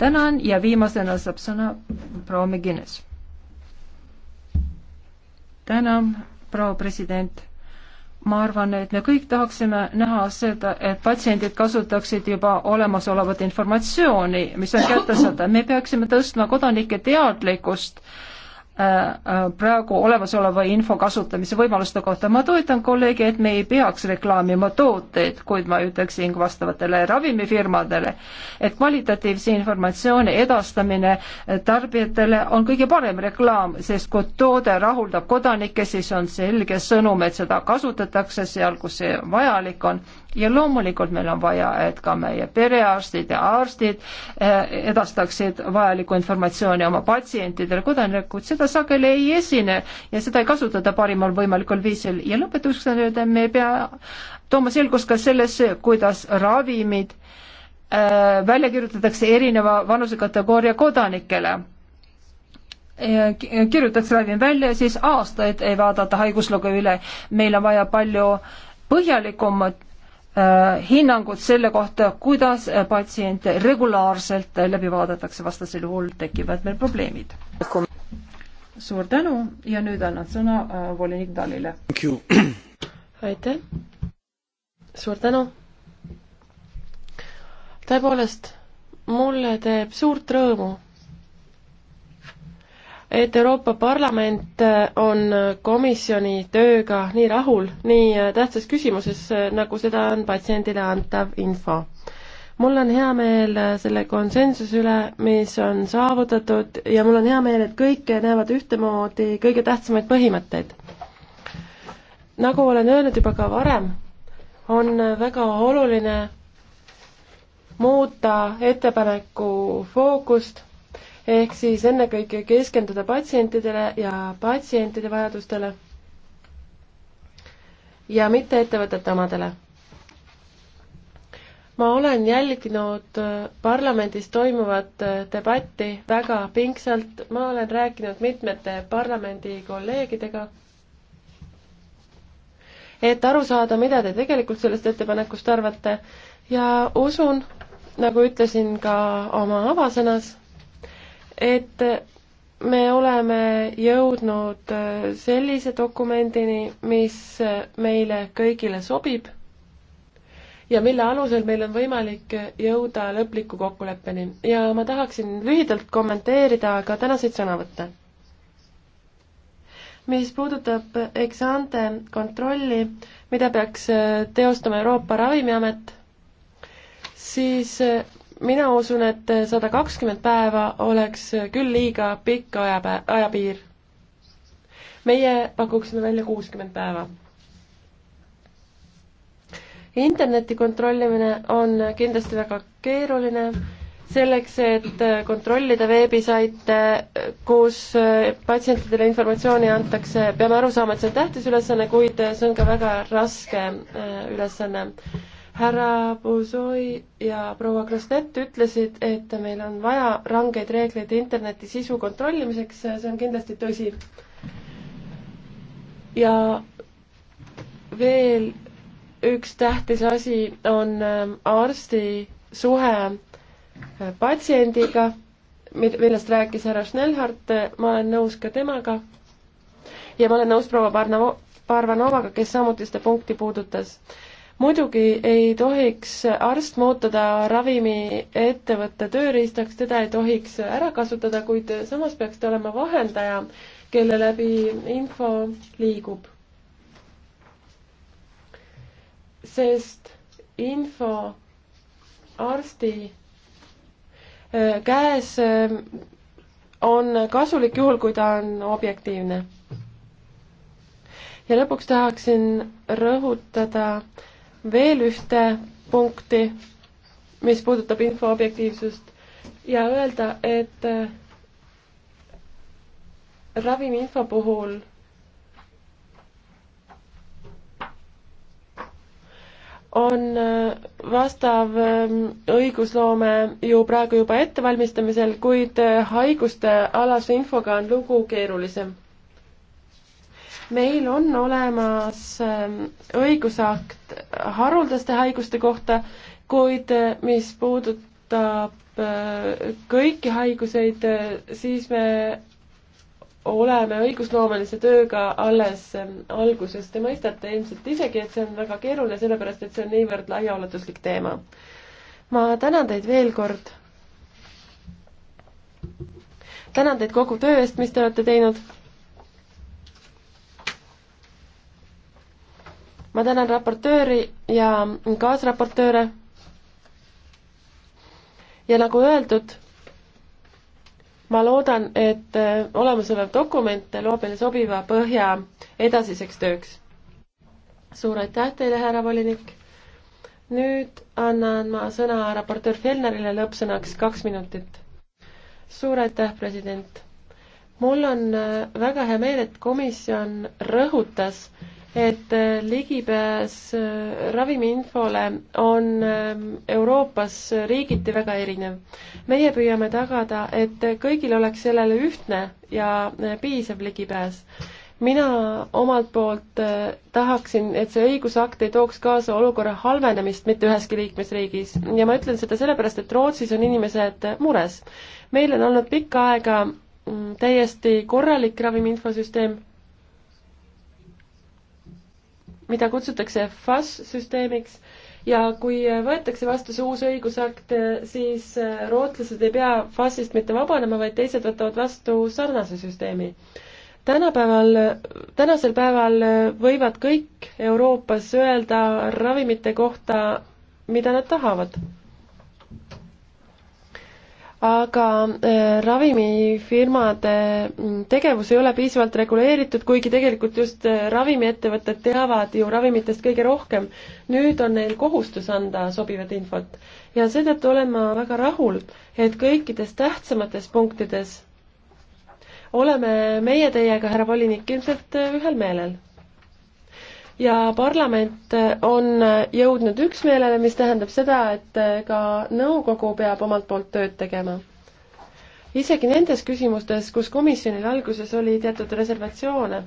tänan ja viimasena saab sõna proua Megines. tänan, proua president ma arvan, et me kõik tahaksime näha seda, et patsiendid kasutaksid juba olemasolevat informatsiooni, mis on kättesaadav. me peaksime tõstma kodanike teadlikkust äh, Äh, äh, praegu olemasoleva info kasutamise võimaluste kohta. ma toetan kolleege, et me ei peaks reklaamima tooteid, kuid ma ütleksin vastavatele ravimifirmadele, et kvalitatiivse informatsiooni edastamine äh, tarbijatele on kõige parem reklaam, sest kui toode rahuldab kodanikke, siis on selge sõnum, et seda kasutatakse seal, kus see vajalik on ja loomulikult meil on vaja, et ka meie perearstid ja arstid edastaksid vajalikku informatsiooni oma patsientidele, kodanikud, seda väga sageli ei esine ja seda ei kasutata parimal võimalikul viisil. ja lõpetuseks on öelda, me ei pea tooma selgust ka sellesse, kuidas ravimid äh, välja kirjutatakse erineva vanusekategooria kodanikele kirjutatakse ravim välja ja siis aastaid ei vaadata haiguslugu üle. meil on vaja palju põhjalikumat äh, hinnangut selle kohta, kuidas äh, patsiente regulaarselt läbi vaadatakse, vastasel juhul tekivad meil probleemid suur tänu ja nüüd annan sõna äh, volinik Dalile. (clears throat) aitäh, suur tänu. tõepoolest, mulle teeb suurt rõõmu et Euroopa Parlament äh, on komisjoni tööga nii rahul nii äh, tähtsas küsimuses, äh, nagu seda on patsiendile antav info mul on hea meel äh, selle konsensuse üle, mis on saavutatud ja mul on hea meel, et kõik näevad ühtemoodi kõige tähtsamaid põhimõtteid. nagu olen öelnud juba ka varem, on väga oluline muuta ettepaneku fookust, ehk siis ennekõike keskenduda patsientidele ja patsientide vajadustele ja mitte ettevõtete omadele ma olen jälginud äh, parlamendis toimuvat äh, debatti väga pingsalt, ma olen rääkinud mitmete parlamendi kolleegidega, et aru saada, mida te tegelikult sellest ettepanekust arvate ja usun, nagu ütlesin ka oma avasõnas, et me oleme jõudnud äh, sellise dokumendini, mis meile kõigile sobib ja mille alusel meil on võimalik jõuda lõpliku kokkuleppeni. ja ma tahaksin lühidalt kommenteerida ka tänaseid sõnavõtte. mis puudutab eksante kontrolli, mida peaks äh, teostama Euroopa Ravimiamet, siis äh, mina usun, et sada kakskümmend päeva oleks küll liiga pikk ajapä-, ajapiir. meie pakuksime välja kuuskümmend päeva interneti kontrollimine on kindlasti väga keeruline, selleks, et kontrollida veebisaite, kus patsientidele informatsiooni antakse, peame aru saama, et see on tähtis ülesanne, kuid see on ka väga raske äh, ülesanne. härra Buzoi ja proua Krasnet ütlesid, et meil on vaja rangeid reegleid interneti sisu kontrollimiseks, see on kindlasti tõsi. ja veel üks tähtis asi on ähm, arsti suhe äh, patsiendiga, millest rääkis härra Schnellhardt, äh, ma olen nõus ka temaga ja ma olen nõus proua Barnavo-, Barvanovaga, kes samuti seda punkti puudutas. muidugi ei tohiks arst muutuda ravimiettevõtte tööriistaks, teda ei tohiks ära kasutada, kuid samas peaks ta olema vahendaja, kelle läbi info liigub. sest info arsti äh, käes äh, on kasulik juhul, kui ta on objektiivne. ja lõpuks tahaksin rõhutada veel ühte punkti, mis puudutab info objektiivsust ja öelda, et äh, ravimi info puhul on äh, vastav ähm, õigusloome ju praegu juba ettevalmistamisel, kuid äh, haiguste alase infoga on lugu keerulisem. meil on olemas ähm, õigusakt haruldaste haiguste kohta, kuid äh, mis puudutab kõiki haiguseid, siis me oleme õigusloomelise tööga alles ähm, alguses. Te mõistate ilmselt isegi, et see on väga keeruline, sellepärast et see on niivõrd laiaulatuslik teema. ma tänan teid veel kord. tänan teid kogu töö eest, mis te olete teinud. ma tänan raportööri ja kaasraportööre. ja nagu öeldud ma loodan, et äh, olemasolev dokument loob meile sobiva põhja edasiseks tööks. suur aitäh teile, härra volinik. nüüd annan ma sõna raportöör Fjellnerile lõppsõnaks kaks minutit. suur aitäh, president. mul on äh, väga hea meel, et komisjon rõhutas, et äh, ligipääs äh, ravimiinfole on ähm, Euroopas riigiti väga erinev. meie püüame tagada, et kõigil oleks sellele ühtne ja äh, piisav ligipääs. mina omalt poolt tahaksin, et see õigusakt ei tooks kaasa olukorra halvenemist mitte üheski liikmesriigis ja ma ütlen seda sellepärast, et Rootsis on inimesed mures. meil on olnud pikka aega mm, täiesti korralik ravimi infosüsteem mida kutsutakse FAS-süsteemiks ja kui võetakse vastu see uus õigusakt, siis äh, rootslased ei pea FAS-ist mitte vabanema, vaid teised võtavad vastu sarnase süsteemi. tänapäeval, tänasel päeval võivad kõik Euroopas öelda ravimite kohta, mida nad tahavad aga äh, ravimifirmade mm, tegevus ei ole piisavalt reguleeritud, kuigi tegelikult just äh, ravimiettevõtted teavad ju ravimitest kõige rohkem. nüüd on neil kohustus anda sobivat infot ja seetõttu olen ma väga rahul, et kõikides tähtsamates punktides oleme meie teiega, härra volinik, ilmselt äh, ühel meelel ja parlament on jõudnud üksmeelele, mis tähendab seda, et ka nõukogu peab omalt poolt tööd tegema. isegi nendes küsimustes, kus komisjonil alguses oli teatud reservatsioone,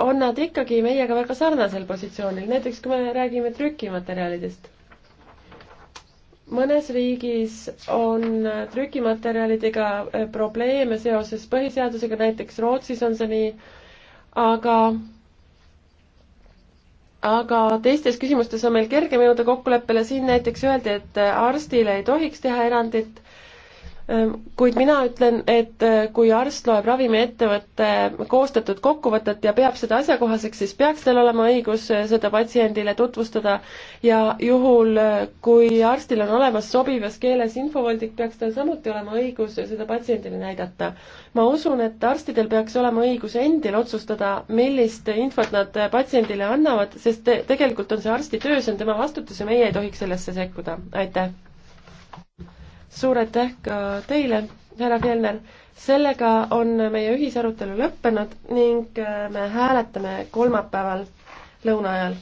on nad ikkagi meiega väga sarnasel positsioonil, näiteks kui me räägime trükimaterjalidest mõnes riigis on trükimaterjalidega probleeme seoses põhiseadusega, näiteks Rootsis on see nii, aga aga teistes küsimustes on meil kergem jõuda kokkuleppele, siin näiteks öeldi, et arstile ei tohiks teha erandit Ehm, kuid mina ütlen, et äh, kui arst loeb ravimiettevõtte koostatud kokkuvõtet ja peab seda asjakohaseks, siis peaks tal olema õigus äh, seda patsiendile tutvustada ja juhul, äh, kui arstil on olemas sobivas keeles infovoldik, peaks tal samuti olema õigus seda patsiendile näidata. ma usun, et arstidel peaks olema õigus endil otsustada, millist infot nad patsiendile annavad, sest te tegelikult on see arsti töö, see on tema vastutus ja meie ei tohiks sellesse sekkuda. aitäh! suur aitäh ka teile, härra Fjellner. sellega on meie ühisarutelu lõppenud ning me hääletame kolmapäeval lõuna ajal